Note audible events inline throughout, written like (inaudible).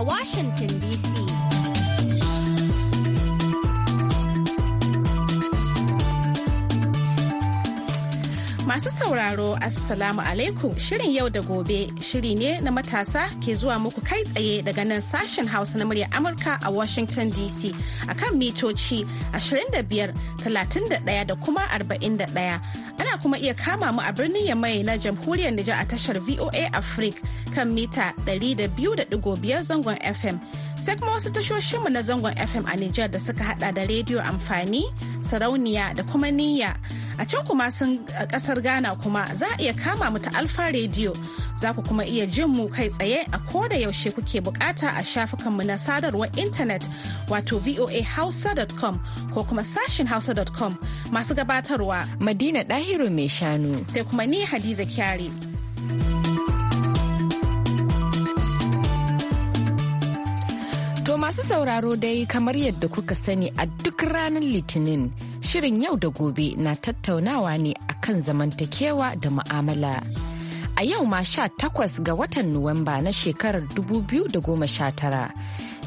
a Washington DC. Masu sauraro Assalamu alaikum shirin yau da gobe shiri ne na matasa ke zuwa muku kai tsaye daga nan sashen hausa na murya Amurka a Washington DC kan mitoci 25, 31 da kuma 41. Ana kuma iya kama mu a birnin Yamai na jamhuriyar Nijar a tashar VOA Africa kan mita 200.5 zangon FM. Sai kuma wasu tashoshinmu na zangon FM a Nijar da suka hada da rediyo amfani, sarauniya da kuma niyya. A can kuma sun kasar Ghana kuma za a iya kama mu ta Alfa rediyo Za ku kuma iya jin mu kai tsaye a koda yaushe kuke bukata a shafukanmu na sadarwar intanet wato voahausa.com ko kuma sashin hausa.com masu gabatarwa. Madina Dahiru mai shanu. Sai kuma ni Hadiza Kyari. Masu sauraro dai kamar yadda kuka sani a duk ranar Litinin shirin yau da gobe na tattaunawa ne akan zamantakewa da mu'amala. A yau ma sha takwas ga watan Nuwamba na shekarar 2019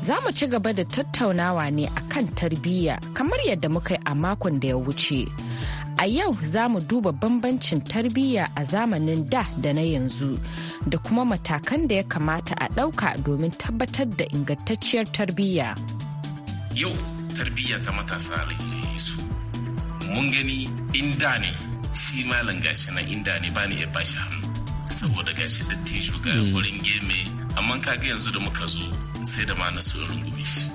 za mu ci gaba da tattaunawa ne a kan tarbiyya kamar yadda muka yi a makon da ya wuce. A yau za mu duba bambancin tarbiyya a zamanin da da na yanzu da kuma matakan da ya kamata a ɗauka domin tabbatar da ingantacciyar tarbiyya. Yau tarbiyya ta matasa su. Mun gani inda ne shi malam gashi na inda ne bani ya bashi hannu. Saboda gashi dattijo ga hmm. wurin geme amma kaga yanzu da muka zo sai da ma na shi.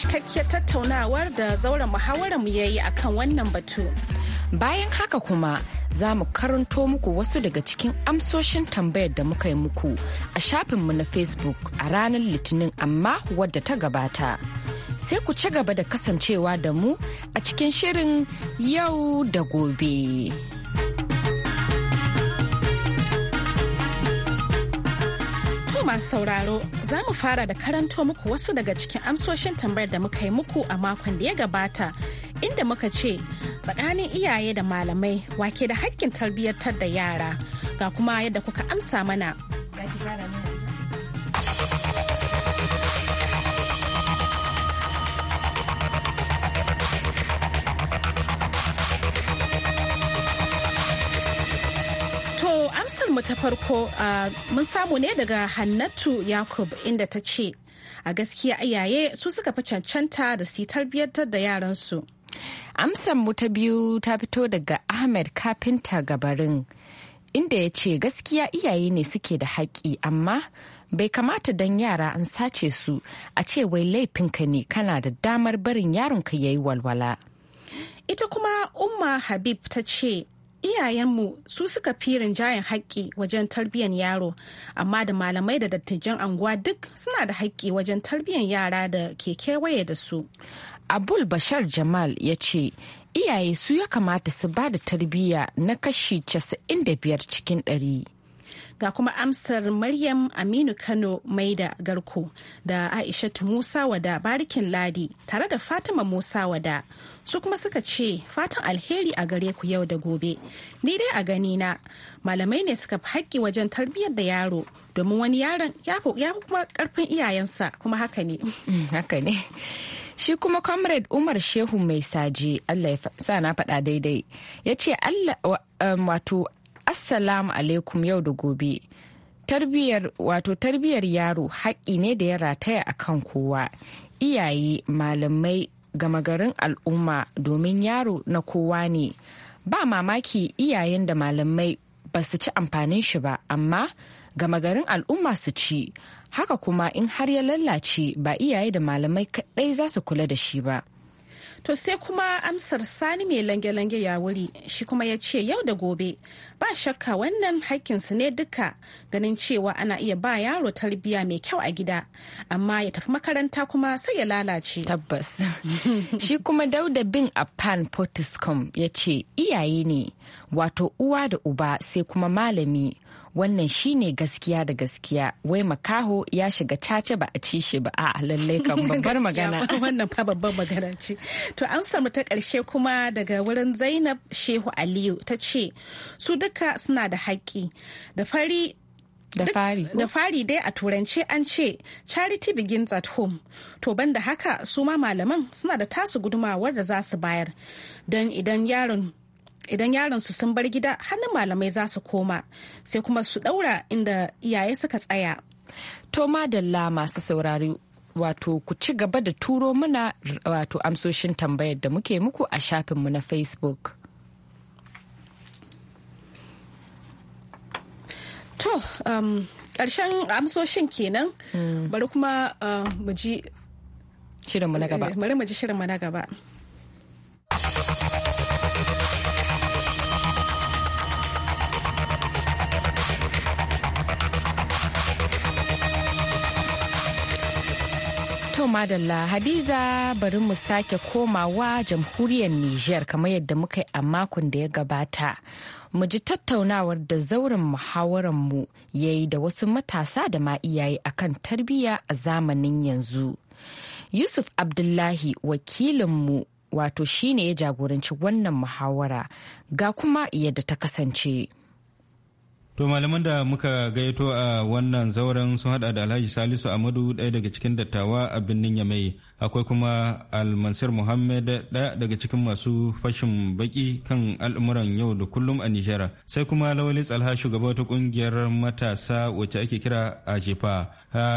cikakkiyar tattaunawar da zauren muhawararmu ya yi akan wannan batu. Bayan haka kuma za mu karanto muku wasu daga cikin amsoshin tambayar da muka yi muku a shafinmu na Facebook a ranar Litinin amma wadda ta gabata. Sai ku ci gaba da kasancewa da mu a cikin shirin yau da gobe. yau masu sauraro, za mu fara da karanto muku wasu daga cikin amsoshin tambayar da muka yi muku a makon da ya gabata, inda muka ce tsakanin iyaye da malamai wake da hakkin tarbiyyantar da yara, ga kuma yadda kuka amsa mana. Wasikar mu ta farko mun samu ne daga Hannatu Yakub inda ta ce, a gaskiya iyaye su suka fi cancanta da su tarbiyyantar da yaransu. Amsan mu ta biyu ta fito daga Ahmed Kafinta Gabarin, inda ya ce gaskiya iyaye ne suke da haƙƙi amma bai kamata don yara an sace su a ce wai laifinka ne kana da damar barin yaronka ya yi walwala. Ita kuma Umma Habib ta ce, iyayenmu su suka fi rinjayen haƙƙi wajen tarbiyyar yaro amma da malamai da dattijan anguwa duk suna da haƙƙi wajen tarbiyyar yara da ke kewaye da su abul bashar jamal ya ce iyaye su ya kamata su ba da tarbiyya na kashi 95 cikin ɗari. Ga kuma amsar Maryam Aminu Kano Maida Garko da Aishatu Musa wada Barikin Ladi tare da Fatima Musa wada. Su kuma suka ce fatan alheri a gare ku yau da gobe. Ni dai a gani na malamai ne suka fi haƙƙi wajen tarbiyyar da yaro domin wani yaron ya fi kuma ƙarfin iyayensa kuma haka ne. Mm, haka ne. shi kuma comrade umar shehu mai saji allah ya sa na faɗa daidai ya ce um, wato assalamu alaikum yau da gobe tarbiyar wato tarbiyar yaro haƙƙi ne da ya rataya a kan kowa iyaye malamai gama garin al'umma domin yaro na kowa ne ba mamaki iyayen da malamai ba su ci amfanin shi ba amma gama garin al'umma su ci haka kuma in har ya lallace ba iyaye da malamai kaɗai za su kula da shi ba. To sai kuma amsar sani mai lange-lange ya wuri shi kuma ya ce yau da gobe ba shakka wannan haƙƙinsu ne duka ganin cewa ana iya ba yaro tarbiyya mai kyau a gida amma ya tafi makaranta kuma sai ya lalace. Tabbas. (laughs) shi kuma dauda bin pan Potiscom ya ce iyaye ne wato uwa da uba sai kuma malami wannan shi ne gaskiya da gaskiya wai makaho ya shiga caca ba a ci shi ba a lallai kan babbar (laughs) magana (laughs) wannan fa babbar magana ce to an samu ta karshe kuma daga wurin Zainab Shehu Aliyu ta ce su duka suna da haƙƙi da fari da fari da fari dai a turance an ce charity begins at home to banda haka su ma malaman suna da tasu gudumawar da za su bayar don idan yaron idan yaran su sun bar gida hannun malamai za su koma sai kuma su daura inda iyaye suka tsaya to madalla masu saurari wato ku ci gaba da turo muna wato amsoshin tambayar da muke muku a shafinmu na facebook to um, karshen amsoshin kenan mm. bari kuma uh, mu ji shirinmu na gaba eh, To madalla Hadiza bari mu sake komawa jamhuriyar Nijar kamar yadda muka yi a makon da ya gabata. Mu ji tattaunawar da zauren muhawaranmu ya yi da wasu matasa da ma iyaye akan tarbiyya a zamanin yanzu. Yusuf Abdullahi wakilinmu wato shine ya jagoranci wannan muhawara ga kuma yadda ta kasance. To malaman da muka gaito a wannan zauren sun hada da Alhaji Salisu Amadu ɗaya daga cikin dattawa a birnin Yamai akwai kuma Almansir Muhammad ɗaya daga cikin masu fashin baki kan al'amuran yau da kullum a Nijar sai kuma Lawali Tsalha shugaba ta kungiyar matasa wacce ake kira a jefa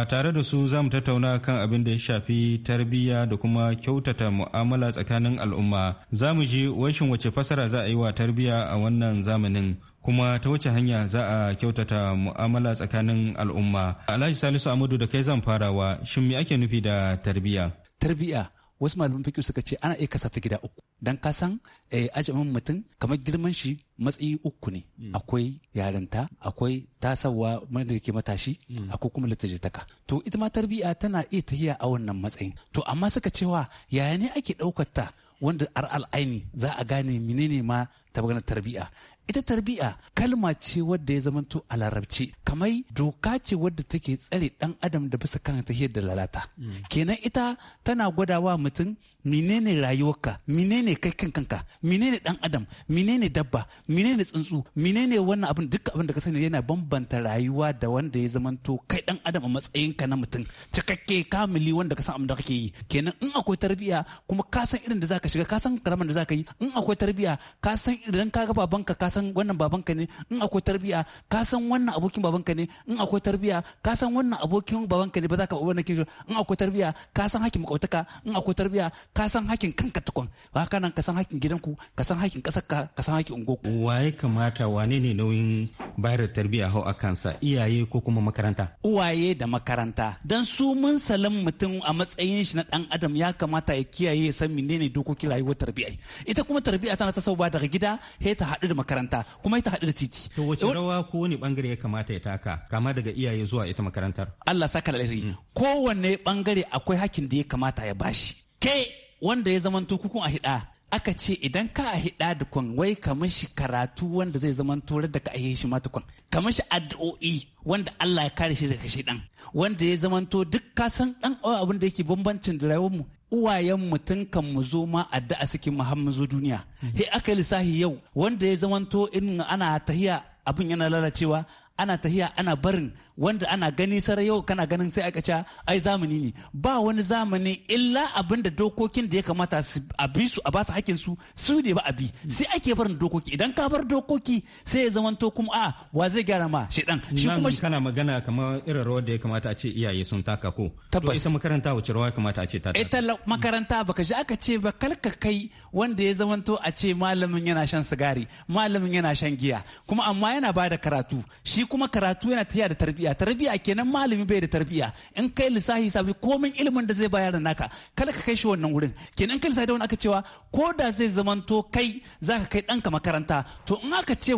tare da su zamu tattauna kan abin da ya shafi tarbiyya da kuma kyautata mu'amala tsakanin al'umma zamu ji washin wace fasara za a yi wa tarbiyya a wannan zamanin kuma ta wace hanya za a kyautata mu'amala tsakanin al'umma alhaji salisu amadu da kai zan farawa shin me ake nufi da tarbiya tarbiya wasu malaman fiƙi suka ce ana iya kasa ta gida uku dan ka san eh, ajamin mutum kamar girman shi matsayi uku ne mm. akwai yarinta akwai tasawa da ke matashi mm. akwai kuma littattafa. to ita ma tarbiya tana iya tahiya a wannan matsayin to amma suka cewa yaya ne ake ɗaukar ta wanda ar al'aini za a gane menene ma ta magana tarbiya ita tarbiya kalma ce wadda ya zamanto a larabci kamai doka ce wadda take tsare ɗan adam da bisa kan ta da lalata mm. kenan ita tana gwadawa mutum menene rayuwarka menene kai kan kanka menene dan adam menene dabba menene tsuntsu menene wannan abin duka abin da ka sani yana bambanta rayuwa da wanda ya zamanto kai dan adam a matsayinka na mutum cikakke kamili wanda ka san abin da kake yi kenan in akwai tarbiya kuma ka san irin da zaka shiga ka san karaman da zaka yi in akwai tarbiya ka san idan ka ga babanka ka san wannan babanka ne in akwai tarbiya ka san wannan abokin babanka ne in akwai tarbiya ka san wannan abokin babanka ne ba za ka wannan kin in akwai tarbiya ka san hakkin makautaka in akwai tarbiya ka san hakkin kanka tukun ba haka nan ka san hakkin gidanku ka san hakkin kasarka ka san hakkin ungoku waye kamata wane ne nauyin bayar da tarbiya hau a kansa iyaye ko kuma makaranta uwaye da makaranta dan su mun salam mutum a matsayin shi na dan adam ya kamata ya kiyaye ya san menene dokokin rayuwar tarbiya ita kuma tarbiya tana ta sauba daga gida sai ta haɗu da makaranta makaranta kuma ita hadu da titi. To wace rawa ko wani bangare ya kamata ya taka kama daga iyaye zuwa ita makarantar? Allah saka lalari mm. kowanne bangare akwai hakin da ya kamata ya bashi. Ke wanda ya zamanto kukun a hiɗa. aka ce idan ka a hida da kwan wai ka mashi karatu wanda zai zama torar da ka a shi ma kwan ka mishi addu'o'i wanda Allah ya kare shi daga shaidan wanda ya zama to duk ka san dan abin da yake bambancin da rayuwar mu uwayen mu kan mu zo ma addu'a suke mu har mu zo duniya hmm. he aka lissahi yau wanda ya zamanto in ana tahiya abin yana lalacewa ana tahiya ana barin wanda ana gani sarai yau kana ganin sai aka ce ai zamani ne ba wani zamani illa abin da dokokin da ya kamata a bi su a ba su hakkin su su ne ba a bi hmm. sai ake barin dokoki idan ka bar dokoki sai ya to kuma a ah, wa zai gyara ma shedan shi kuma kana magana kamar irin rawar da ya kamata a ce iyaye sun taka ko tabbas ita makaranta wace rawa ya kamata a ce ta ita makaranta baka ji aka ce ba kalka kai wanda ya to a ce malamin yana shan sigari malamin yana shan giya kuma amma yana ba da karatu shi kuma karatu yana tafiya da tarbiya tarbiya kenan malami bai da tarbiya in kai lissafi sabi komai ilimin da zai bayar da naka kada ka kai shi wannan wurin kenan kai lissafi da wani aka cewa ko da zai zamanto kai zaka kai ɗanka makaranta to in aka ce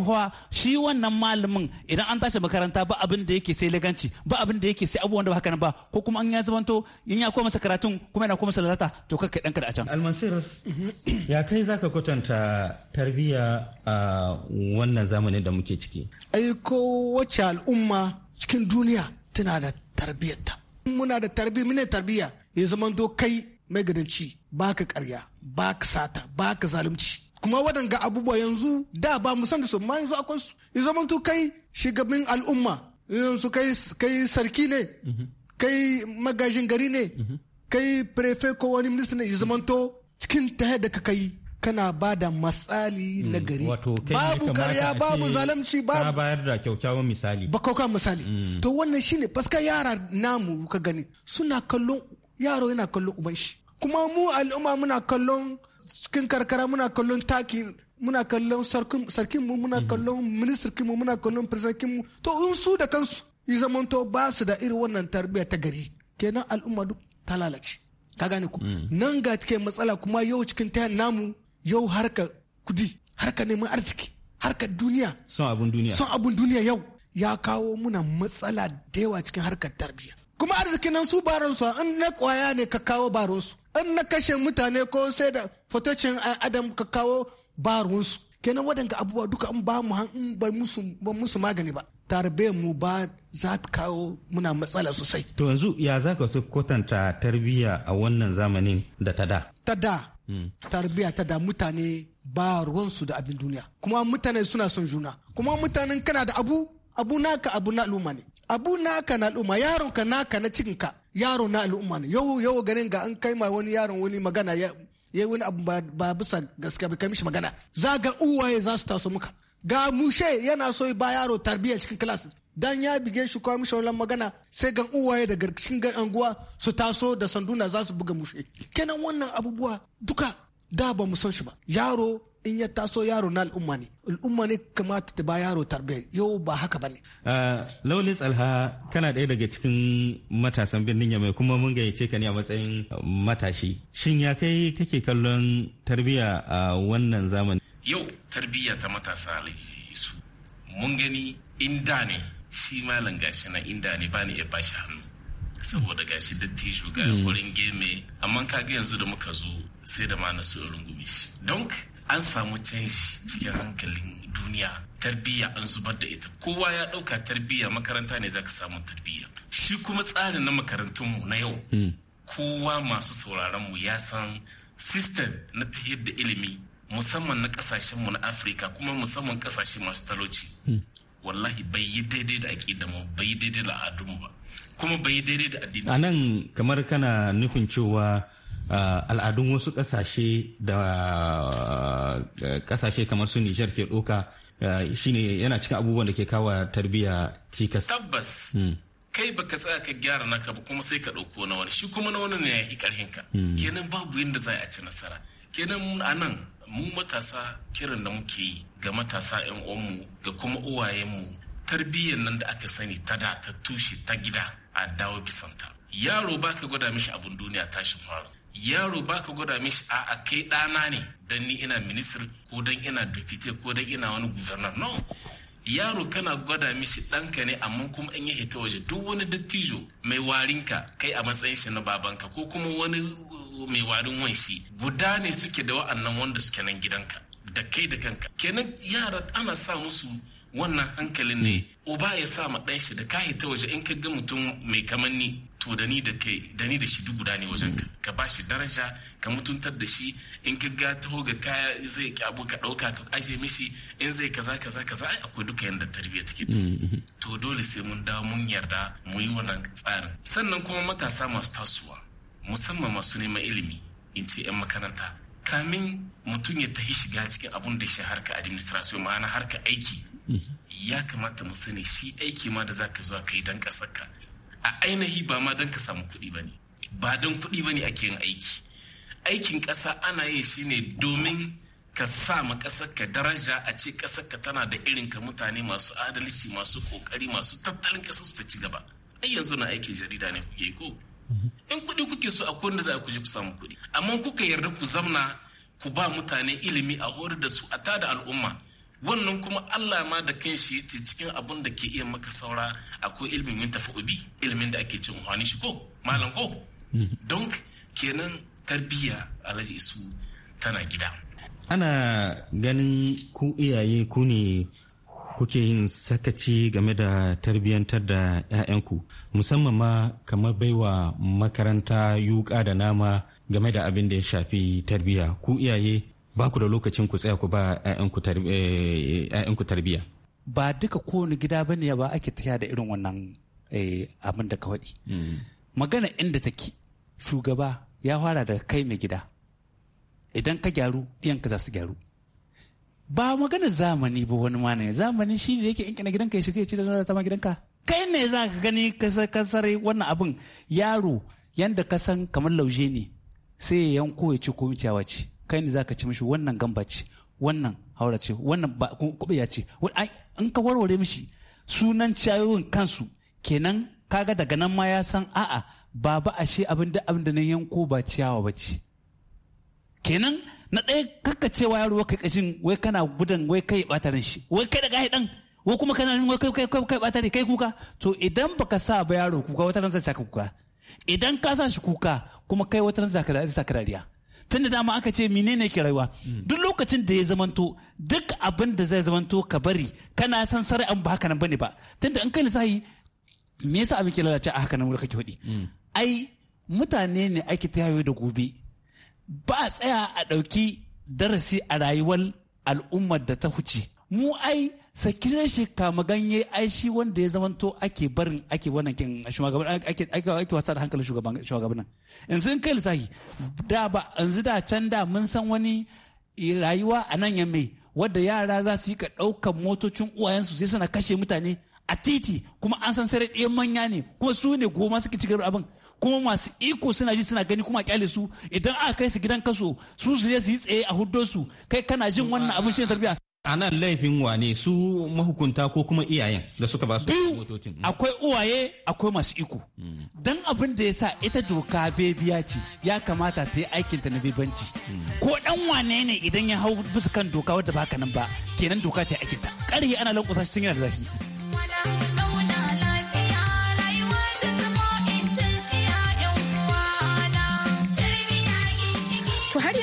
shi wannan malamin idan an tashi makaranta ba abin da yake sai laganci ba abin da yake sai abubuwan da ba haka ba ko kuma an ya zamanto in ya koma masa karatun kuma yana koma masa lalata to kai ɗanka da a can. almansir mhm. ya kai za ka kwatanta tarbiyya a wannan zamanin da muke ciki. ai kowa kowace al'umma cikin duniya tana da tarbiyyarta muna da tarbiyya mune tarbiyya ya zama to kai mai gadanci ba ka karya ba ka sata ba ka zalunci kuma waɗanga abubuwa yanzu da ba mu san da su ma yanzu akwai su ya zama to kai shigabin al'umma yanzu kai kai sarki ne mhm. kai magajin gari ne mhm. kai prefe ko wani minista ne ya zama to cikin ta da ka kai kana ba da matsali hmm, na gari babu karya babu zalamci babu ka bayar da kyaukyawan misali ba kyaukyawan misali hmm. to wannan shine paskar yara namu ka gani suna kallon yaro yana kallon uban shi kuma mu al'umma muna kallon cikin karkara muna kallon taki muna kallon sarkin hmm. mu muna kallon ministirkin mu muna kallon firsakin mu to in su da kansu yi zamanto ba su da irin wannan tarbiyya ta gari kenan al'umma duk ta lalace ka gane ku nan ga cikin matsala kuma yau cikin ta namu yau harka kudi harka neman arziki harkar duniya son abun duniya son abun duniya yau ya kawo muna matsala da yawa cikin harkar tarbiyya kuma arziki nan su baron su in na kwaya ne ka kawo baron su in na kashe mutane ko sai da fotocin adam ka kawo baron su kenan waɗanda abubuwa duka in ba mu in ba musu magani ba Tarbiyyar mu ba za ta kawo muna matsala sosai. To yanzu ya za ka kwatanta tarbiyya a wannan zamanin da ta da? Ta da tarbiya ta da mutane ba ruwansu da abin duniya kuma mutane suna son juna kuma mutanen kana da abu abu naka abu na al'umma ne abu naka na al'umma yaron ka naka na cikin ka yaro na al'umma ne yau yau ganin ga an kai ma wani yaron wani magana ya ya wani abu ba bisa gaskiya ba kai mishi magana za ga uwaye za su taso muka ga mushe yana so ba yaro tarbiya cikin class dan ya bige shi kwa mishi wannan magana sai gan uwaye daga cikin gan anguwa su taso da sanduna za su buga mushe kenan wannan abubuwa duka da ba mu san shi ba yaro in ya taso yaro na al'umma ne al'umma ne kamata ta ba yaro tarbiyya yau ba haka ba ne. Ah, lauli tsalha kana ɗaya daga cikin matasan birnin yamai kuma mun gayyace ka ne a matsayin matashi shin ya kai kake kallon tarbiyya a wannan zamani. yau tarbiyya ta matasa mun gani in ne shi malam gashi na inda ne bani ba shi hannu saboda gashi dattijo ga hmm. wurin geme amma kaga yanzu da muka zo sai da ma na su rungume shi don an samu canji cikin hankalin duniya tarbiyya an zubar da ita kowa ya ɗauka tarbiyya makaranta ne zaka samu tarbiyya shi kuma tsarin na mu na yau hmm. kowa masu sauraron mu ya san sistem na tahir da ilimi musamman na kasashenmu na afirka kuma musamman kasashe masu talauci hmm. wallahi bai yi daidai da aƙida mu bai yi daidai da al'adun ba kuma bai yi daidai da addini a nan kamar kana nufin cewa al'adun wasu ƙasashe da ƙasashe kamar su nijar ke ɗoka shine yana cikin abubuwan da ke kawo tarbiyya cikas tabbas hmm. kai baka tsaya ka gyara naka ba kuma sai ka ɗauko na wani shi kuma na wani ne ya yi ƙarhinka hmm. kenan babu yadda za a ci nasara kenan a nan mu matasa kiran da muke yi ga matasa 'yan uwanmu ga kuma uwayenmu tarbiyyar nan da aka sani ta da ta tushe ta gida a dawo bisanta yaro baka gwada mishi abin duniya tashin faru yaro baka gwada mishi a kai ɗana ne don ni ina minister ko don ina deputy ko don ina wani governor no yaro kana gwada mishi ɗanka ne amma kuma in ya hita waje duk wani dattijo mai warinka kai a matsayin shi na babanka ko kuma wani uh, mai warin wanshi guda ne suke da wa'annan wanda suke nan gidanka da kai da kanka kenan yara ana sa musu wannan hankalin ne hmm. uba ya sa ma ɗan shi da ka hita waje in ka ga mutum mai kamanni to da ni da kai da ni da shi duk guda ne wajen ka ka ba shi daraja ka mutuntar da shi in ka ga taho ga kaya zai ki abu ka dauka ka aje mishi in zai kaza kaza kaza ai akwai duka yanda tarbiyya take mm-hmm. to dole sai mun dawo mun yarda mu yi wannan tsarin sannan kuma matasa masu tasowa musamman masu neman ilimi in ce yan makaranta kamin mutum ya tafi shiga cikin abun da shi harka administration ma'ana harka aiki mm-hmm. ya kamata mu sani shi aiki ma da za ka zuwa kai dan kasar a ainihi ba ma don ka samu kuɗi ba ne ba don kuɗi ba ne ake yin aiki aikin ƙasa ana yin shi ne domin ka sa ma ƙasar ka daraja a ce ƙasar ka tana da irin ka mutane masu adalci masu ƙoƙari masu tattalin ƙasar su ta ci gaba ai yanzu na aikin jarida ne kuke ko mm-hmm. in kuɗi kuke so a wanda za ku je ku samu kuɗi amma kuka yarda ku zamna ku ba mutane ilimi a horar da su a tada al'umma wannan kuma Allah ma da kan shi ce cikin abun da ke iya maka saura akwai ilimin yin tafi ilmin da ake cin wani shi ko malam ko don kenan tarbiyya alhaji isu tana gida ana ganin ku iyaye ku ne kuke yin sakaci game da tarbiyyantar da 'ya'yanku musamman ma kamar baiwa makaranta yuka da nama game da abin da ya shafi tarbiyya ku iyaye ba ku da lokacin ku tsaya ku ba 'ya'yanku eh, eh, tarbiyya. Ba duka kowane gida ba ne ba ake taya da irin wannan eh, abin da ka waɗi. Mm. Magana inda take shugaba ya fara da kai mai gida. Idan ka gyaru ɗiyanka za su gyaru. Ba magana zamani ba wani ma ne zamani shi ne yake in kana gidanka ya shiga ya ci da ta ma gidanka. Kai ne za ka gani kasar wannan abin yaro yanda ka san kamar lauje ne sai ya yanko ya ci ko ciyawa ce. kai ne ka ci mishi wannan gamba ce wannan haura ce wannan ya ce in ka warware mishi sunan ciyayoyin kansu kenan kaga daga nan ma ya san a'a baba ashe abin da abin da na yanko ba ciyawa ba ce kenan na ɗaya cewa yaro kai kashin wai kana gudan wai kai bata ran shi wai kai daga dan wai kuma kana wai kai kai kai kai kuka to idan baka sa ba yaro kuka wata ran zai saka kuka idan ka sa shi kuka kuma kai wata ran saka dariya Tun da dama aka ce menene ke rayuwa duk lokacin da ya zamanto duk abin da zai zamanto ka bari kana san an ba haka nan bane ba tun da an kai lissahi me yasa abin ke lalace a haka nan wurin kake hudi ai mutane ne ake ta da gobe ba a tsaya a ɗauki darasi a rayuwar al'ummar da ta huce mu ai Sakirin shi kama ganye ai shi wanda ya zamanto ake barin ake wannan kin shugaban ake ake wasa da hankalin shugaban shugaban yanzu in kai lissafi da ba yanzu da can da mun san wani rayuwa a nan yamme wadda yara za su yi ka ɗaukan motocin uwayensu sai suna kashe mutane a titi kuma an san sare ɗaya manya ne kuma su ne goma suke cikin abin kuma masu iko suna ji suna gani kuma kyale su idan aka kai su gidan kaso su su je su yi tsaye a huddo su kai kana jin wannan abin shi tarbiyya a laifin wane su mahukunta ko kuma iyayen da suka ba su motocin mm. akwai uwaye akwai masu iko mm. dan abin da ya sa ita doka bebiya ce ya kamata ta yi aikin ta na bebanci mm. ko dan wane ne idan ya hau bisa kan doka wadda baka nan ba kenan doka ta yi aikinta ana lankwasa shi yana da zafi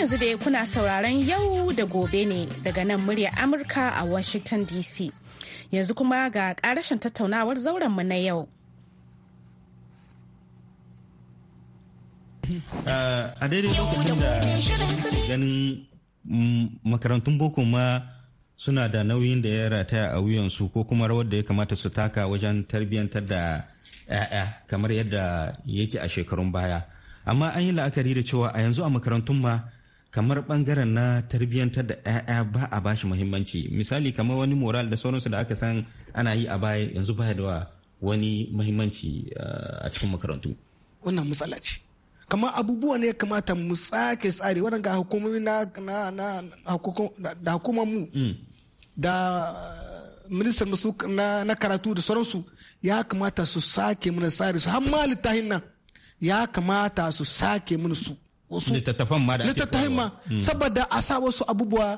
yanzu dai kuna sauraron yau da gobe ne daga nan murya Amurka a Washington DC. Yanzu kuma ga ƙarashin tattaunawar zaurenmu na yau. a daidai lokacin da ganin makarantun boko ma suna da nauyin da ya rataya a wuyansu ko kuma rawar da ya kamata su taka wajen tarbiyyantar da 'ya'ya kamar yadda yake a shekarun baya amma an yi la'akari da cewa a yanzu a makarantun ma kamar bangaren na tarbiyyantar da 'ya'ya ba a bashi muhimmanci misali kamar wani moral da sauransu da aka san ana yi a baya yanzu baya da wani muhimmanci eh, a cikin makarantu wannan matsala ce kamar abubuwa ne ya kamata mu sake tsari wannan hukumomi na da hukumar mu mm. da eh, ministan su na karatu da sauransu ya kamata su sake mana tsari su har ma littafin nan ya kamata su sake mana su wasu littattafan ma da littattafan ma hmm. saboda a sa wasu abubuwa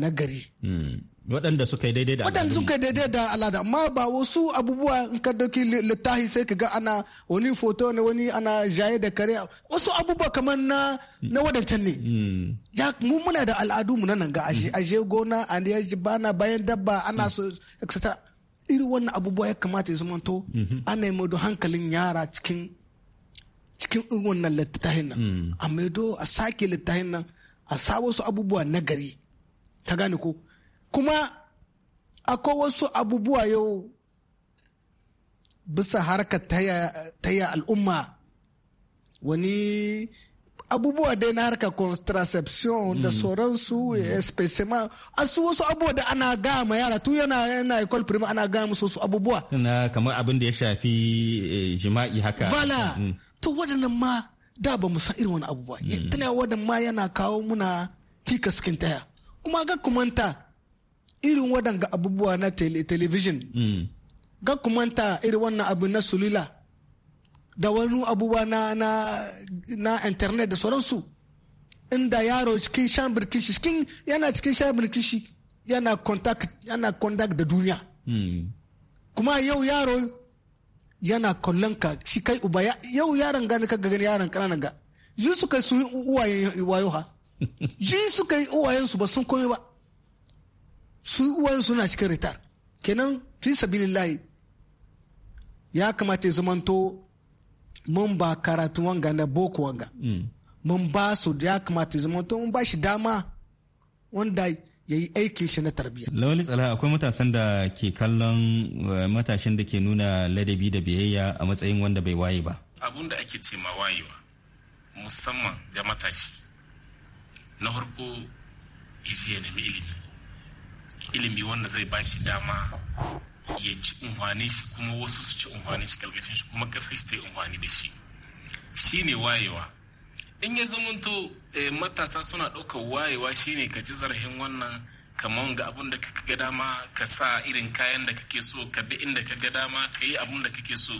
na gari hmm. waɗanda suka yi daidai da waɗanda suka yi daidai da al'ada amma ba wasu abubuwa in ka dauki littafi sai ka ga ana wani foto ne wani ana jaye da kare wasu abubuwa kamar na na wadancan ne hmm. ya mu muna da al'adu mu nan ga aje aje gona a bana bayan dabba ana so etc irin wannan abubuwa ya kamata ya to. ana yi hankalin yara cikin cikin irin wannan littattafin nan hmm. a maido a sake littattafin nan a sa wasu abubuwa na gari ta gane ko kuma akwai wasu abubuwa yau bisa harkar taya al'umma wani abubuwa dai na harkar contraception hmm. da sauransu hmm. especially eh, a su wasu abubuwa da ana gama ma yara tun yana yana ecole primaire ana gama musu wasu abubuwa na kamar abin da ya shafi eh, jima'i haka vala to waɗannan ma da ba mu san irin wani abu ba mm. tana waɗannan ma yana kawo muna cikin taya kuma ga kumanta irin ga abubuwa na television mm. ga kumanta irin wannan abu na sulila da wani abubuwa na na internet da sauransu inda yaro cikin shan birkishi cikin yana cikin shan birkishi yana contact yana contact da duniya mm. kuma yau yaro yana kallon ka shi kai uba yau yaron gani ka gani yaron kananan ga yi su kai sun uwayen wayo ha (laughs) yi su kai uwayen su ba sun komai ba su uwayen suna cikin ritar kenan fi layi ya kamata ya zamanto mun ba karatu wanga na boko wanga mm. mun ba su ya kamata ya zamanto mun ba shi dama wanda ya yi aikin shi na tarbiyya. Lawali tsala akwai matasan da ke kallon eh, matashin da ke nuna ladabi da biyayya a matsayin wanda bai waye ba. Abun da ake ce ma wayewa musamman da matashi na farko iji ya nemi ilimi ilimi wanda zai ba shi dama ya ci umarni shi kuma wasu su ci umarni shi kalkashin shi kuma kasar shi ta yi umarni da shi shi ne wayewa in ya zamanto eh, matasa suna ɗaukar wayewa shine ka ci zarafin wannan kamar ga abun da ka ga dama ka sa irin kayan da kake so ka bi inda ka ga dama ka yi abun da kake so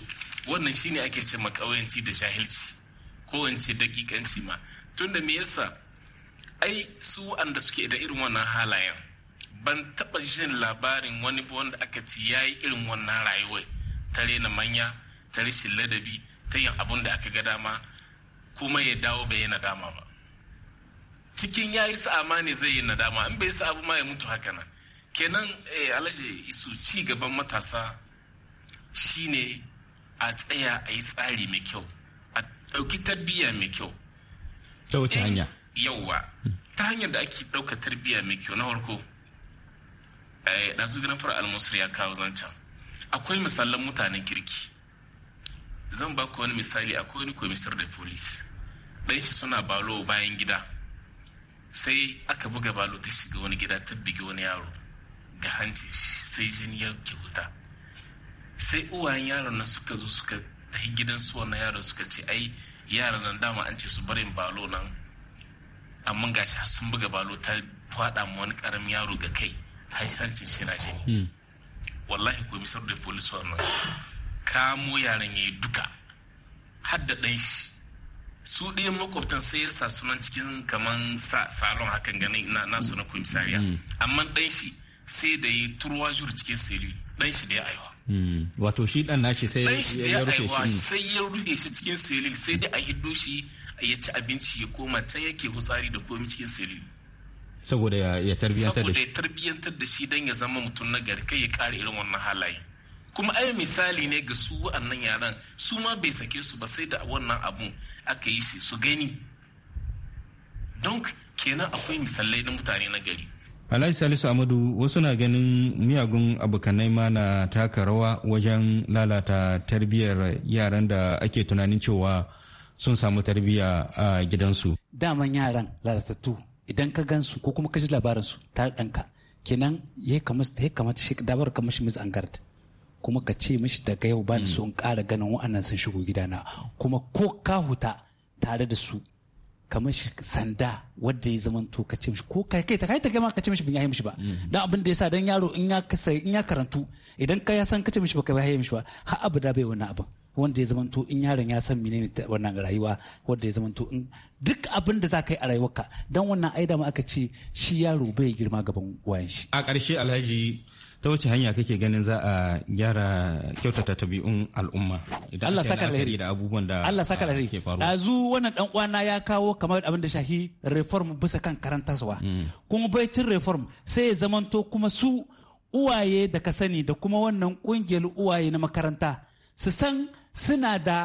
wannan shine ake ce makauyanci da jahilci ko dakikanci ma tunda me yasa ai su wanda suke da irin wannan halayen ban taba jin labarin wani wanda aka ci ya yi irin wannan rayuwar ta rena manya ta rashin ladabi ta yin abun da aka ga dama kuma ya dawo bai yi nadama ba cikin ya yi sa'ama ne zai yi nadama in bai sa'abu ma ya mutu haka nan kenan alaje eh, alhaji isu ci gaban matasa shine a tsaya a yi tsari mai kyau a ɗauki tarbiyya mai kyau ta wata hanya eh, yauwa ta hanyar da ake ɗauka tarbiyya mai kyau na farko eh, ɗazu ganin fara ya kawo zancen akwai misalan mutanen kirki zan ba ku wani misali akwai wani komisar da police ɗaya suna balo bayan gida sai aka buga balo ta shiga wani gida ta bige wani yaro ga hanci sai jini ya ke wuta sai uwayen yaron nan suka zo suka tafi gidan su wannan yaron suka ce ai yaran nan dama an ce su barin balo nan amma gashi sun buga balo ta fada ma wani karamin yaro ga kai hancin shi na jini hmm. wallahi ko misar da polis wannan kamo yaran yi duka har da ɗan shi su ɗaya makwabtan sai ya sa sunan cikin kaman salon hakan ganin na su na misaliya. Mm. amma ɗan shi sai da yi turwa jur cikin selu ɗan shi da ya aiwa mm. wato shi ɗan nashi sai ya rufe shi mm. sai ya rufe shi cikin selu sai dai a hiddo shi ya ci abinci ya koma can yake hutsari da komi cikin selu saboda ya tarbiyyantar da shi saboda ya tarbiyyantar da shi ya zama mutum na gari kai ya kare irin wannan halaye kuma ai misali ne ga su wa'annan yaran su ma bai sake su ba sai da wannan abun aka yi shi su gani don kenan akwai misalai na mutane na gari alhaji salisu amadu wasu na ganin miyagun abokanai ma na taka rawa wajen lalata tarbiyyar yaran da ake tunanin cewa sun samu tarbiyya a gidansu daman yaran lalatattu idan ka gansu ko kuma ka ji labarinsu tare ɗanka kenan ya kamata shi dabar kamar shi mizangar kuma ka ce mishi daga yau ba da so in ƙara ganin wa'annan sun shigo gidana kuma ko ka huta tare da su kamar shi sanda wadda ya zama to ka ce mishi ko kai kai ta kai ta kai ma ka ce mishi bin yayi mishi ba mm-hmm. dan abin da yasa dan yaro in ya kasa in ya karantu idan ka ya san ka ce mishi ba ka yayi mishi ba har abada bai wannan abin wanda ya zamanto in yaron ya san menene wannan rayuwa wanda ya zamanto in duk abin da za ka yi a rayuwarka dan wannan aida ma aka ce shi yaro bai girma gaban wayan shi a ƙarshe alhaji ta wace hanya kake ganin za a gyara kyautata tabi'un al'umma idan Allah saka alheri da abubuwan da Allah saka alheri ke faruwa dazu wannan dan uwana ya kawo kamar abin da shahi reform bisa kan karantarwa mm. kuma bai cin reform sai ya zamanto kuma su uwaye da ka sani da kuma wannan kungiyar uwaye na makaranta su san suna da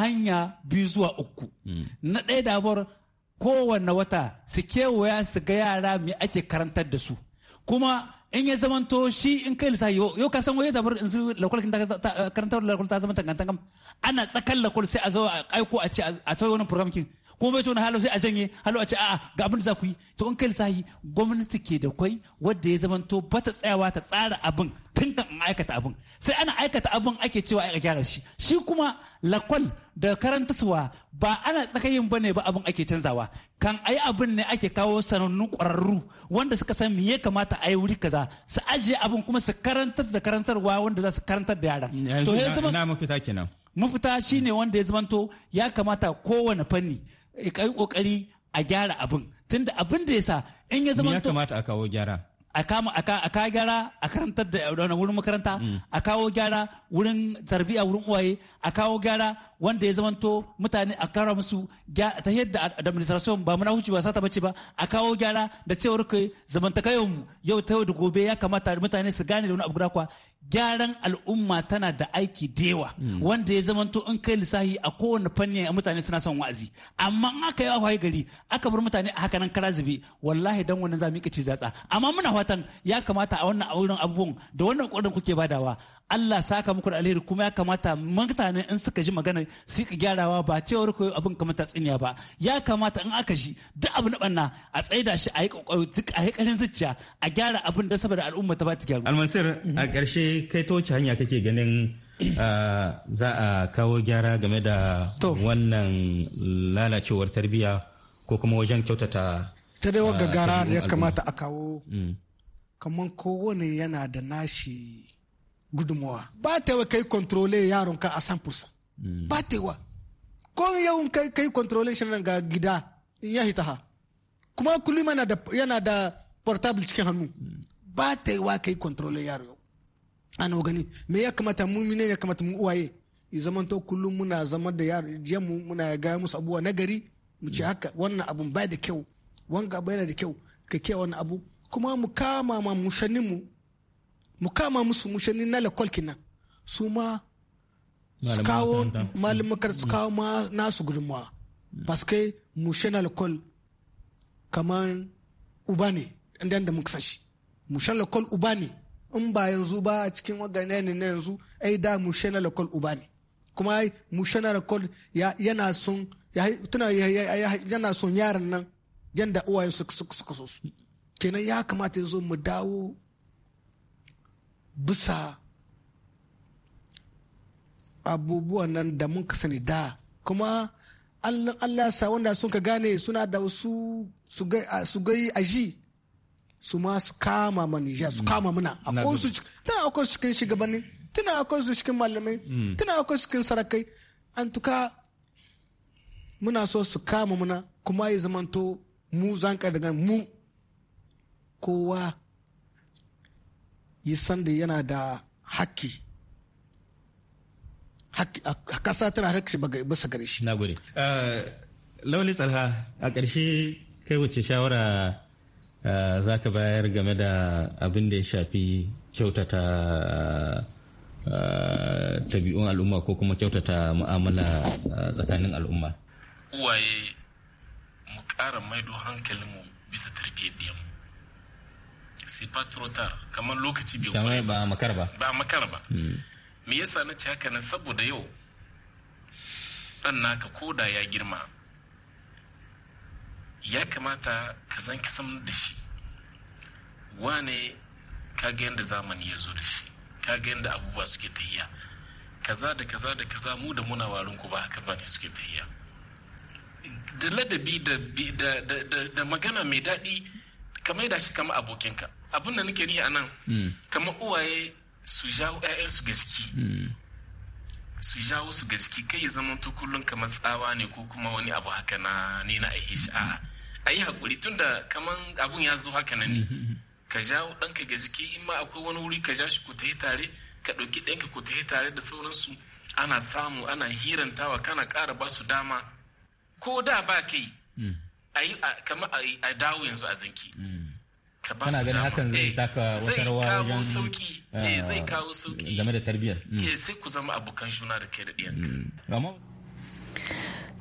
hanya biyu zuwa uku mm. na ɗaya dabar kowanne wata su kewaya su ga yara me ake karantar da su kuma in ya zama to shi in kai lissafi yau ka san waje tabar in su ta karanta lakwal ta zama tangantan ana tsakan lakwal sai a zo a aiko a ce a tsaye wani program kuma bai ce wani halo sai a janye halo a ce a'a ga abin da za ku yi to in kai lissahi gwamnati ke da kwai wadda ya to ba ta tsayawa ta tsara abin tun kan an aikata abin sai ana aikata abin ake cewa a gyara shi shi kuma lakwal da karantaswa ba ana tsakayin bane ba abin ake canzawa kan ayi abin ne ake kawo sanannu ƙwararru wanda suka san me ya kamata a yi wuri kaza su ajiye abin kuma su karantar da karantarwa wanda za su karantar da yara. to ya zama mafita kenan mafita shine wanda ya zamanto ya kamata kowane fanni Eh, yi kokari a gyara abin tunda abin da sa in ya zama ya kamata a kawo gyara a kama a kawo gyara a karantar da wurin makaranta mm. a kawo gyara wurin tarbiyya wurin uwaye a kawo gyara wanda ya zamanto mutane a kara musu ta yadda administration ba muna huci ba sata bace ba a kawo gyara da cewar kai zamantakayar yau ta yau da gobe ya kamata mutane su gane da wani abu guda kwa gyaran al'umma tana da aiki da yawa hmm. wanda ya zamanto in kai lissahi a kowane fanni mutane suna son wa'azi amma in aka yi wahayi gari aka bar mutane a hakanan kara zube wallahi dan wannan za mu ci zatsa amma muna fatan ya kamata a wannan auren abubuwan da wannan kokarin kuke badawa Allah saka muku da alheri kuma ya kamata mutane in suka ji magana su ka gyarawa ba cewar ko abin kamar ta tsinya ba ya kamata in aka ji duk abu na banna a tsaida shi a yi karin zuciya a gyara abin da saboda al'umma ta ba ta gyaru almasir a ƙarshe kai to wace hanya kake ganin ah, za a kawo gyara game da wannan lalacewar tarbiyya ko kuma wajen kyautata ta dai wa ah, gara ya kamata a kawo mm. kamar kowane yana da nashi gudunmawa ba ta wa kai kontrole yaron ka a san fursa mm. ba ta wa ko yawon kai kai kontrole shi ga gida ya hita ha kuma kullum yana da portable cikin hannu mm. ba ta wa kai kontrole yaro ana gani me ya kamata mu ne ya kamata mu uwaye ya to kullum muna zama da yaran muna muna gaya musu abuwa nagari mu ce haka wannan abun bai da kyau wanga bai yana da kyau ka ke wani abu kuma mu kama ma mushanin mu mu kama musu mushanin na lakol kina su ma su kawo malumakar su kawo ma nasu gudunmuwa paske mushan lakol kamar uba ne ɗan da muka sashi mushan lakol uba ne in ba yanzu ba a cikin ne na yanzu ai da mushe na lakol uba ne kuma mushe na lakol yana son yana son yaran nan yanda uwayen suka so su kenan ya kamata yanzu mu dawo bisa abubuwan nan da mun ka sani da kuma Allah sa wanda sun ka gane suna da wasu su gai ji. su ma su kama ma Nijar su mm. kama muna akwai su tana a su cikin shugabanni tana a su cikin malamai mm. tana a su cikin sarakai an tuka muna so su kama muna kuma ya zamanto mu zanka daga mu kowa yi sanda yana da haƙƙi a kasa tana haƙƙi bisa gare shi na gode eh, lauli tsalha a ƙarshe kai wuce shawara Eh, za ka bayar game da abin da ya shafi kyautata eh, tabi'un al'umma ko kuma kyautata mu'amala eh, tsakanin al'umma uwaye mu ƙara maido hankalinmu bisa mu sifa patrotar kamar lokaci bai kwarai ba makar ba ba makar ba hmm. me yasa na ci haka nan saboda yau dan naka koda ya girma ya kamata ka san kisan da shi wane kaga yadda zamani ya zo da shi kaga yadda abubuwa suke tahiya kaza da kaza da kaza mu da muna warin ku ba haka ba ne suke tahiya da ladabi da magana mai daɗi kamar da shi kama abokinka abin da nake ni a nan hmm. kama uwaye su jawo 'ya'yansu ga jiki hmm. su jawo su ga jiki kai ya zama to kullum kamar tsawa ne ko kuma wani abu haka na ne na shi a'a a yi haƙuri da kaman abun ya zo haka nan ne mm-hmm, mm-hmm. ka jawo ɗanka ga jiki in ma akwai wani wuri ka ja shi ku tafi tare ka ɗauki ɗanka ku tafi tare da sauransu ana samu ana hirantawa kana ƙara ba su dama ko da ba kai mm. a yi a dawo yanzu a zanki mm. kana ganin hakan zai eh, taka wata rawa wajen sauki eh, eh zai kawo sauki game da tarbiyyar ke hmm. eh, sai ku zama abokan juna da kai da ɗiyanka hmm.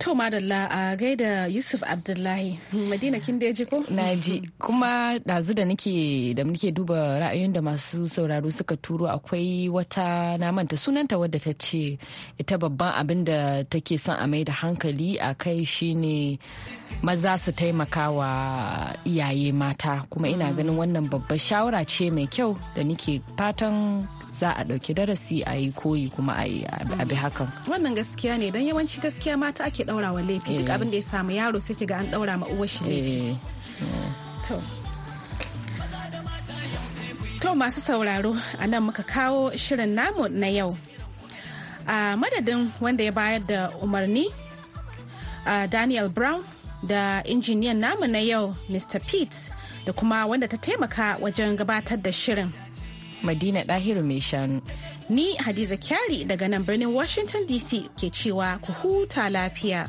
To madalla a gaida Yusuf Abdullahi Madina kin da ko? Na ji kuma ɗazu da nake da muke duba ra'ayin da masu sauraro suka turo akwai wata na manta sunanta wadda ta ce ita babban abin da take son a mai da hankali a kai shine maza su taimaka wa iyaye mata kuma ina ganin wannan babbar shawara ce mai kyau da nake fatan za a ɗauki darasi a yi koyi kuma a bi hakan. Wannan gaskiya ne don yawanci gaskiya mata ake ɗaurawa laifi duk eh. abin da ya samu yaro sai ga an ɗaura ma uwar shi eh. To masu sauraro a nan muka kawo shirin namu na yau. A madadin wanda ya bayar da umarni Daniel Brown da injiniyan namu na yau Mr. Pete da kuma wanda ta taimaka wajen gabatar da shirin. Madina Dahiru mai shanu. Ni Hadiza Kyari daga nan birnin Washington DC ke cewa ku huta lafiya.